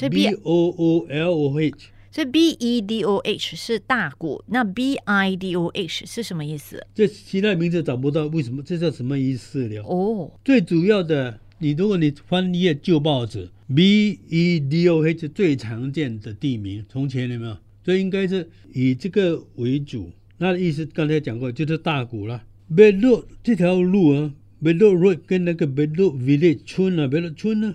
所以 B O O H，E D O H 是大鼓。那 B I D O H 是什麼意思？這其他名字找不到，為什麼？這叫什麼意思了？哦，最主要的，你如果你翻頁舊報紙，B E D O H 就最常見的地名，從前有沒有？所以應該是以這個為主。那意思剛才講過，就是大鼓啦。Bedok 這條路啊 Bedok Road 跟那個 Bedok Village 村啊 Bedok 村啊。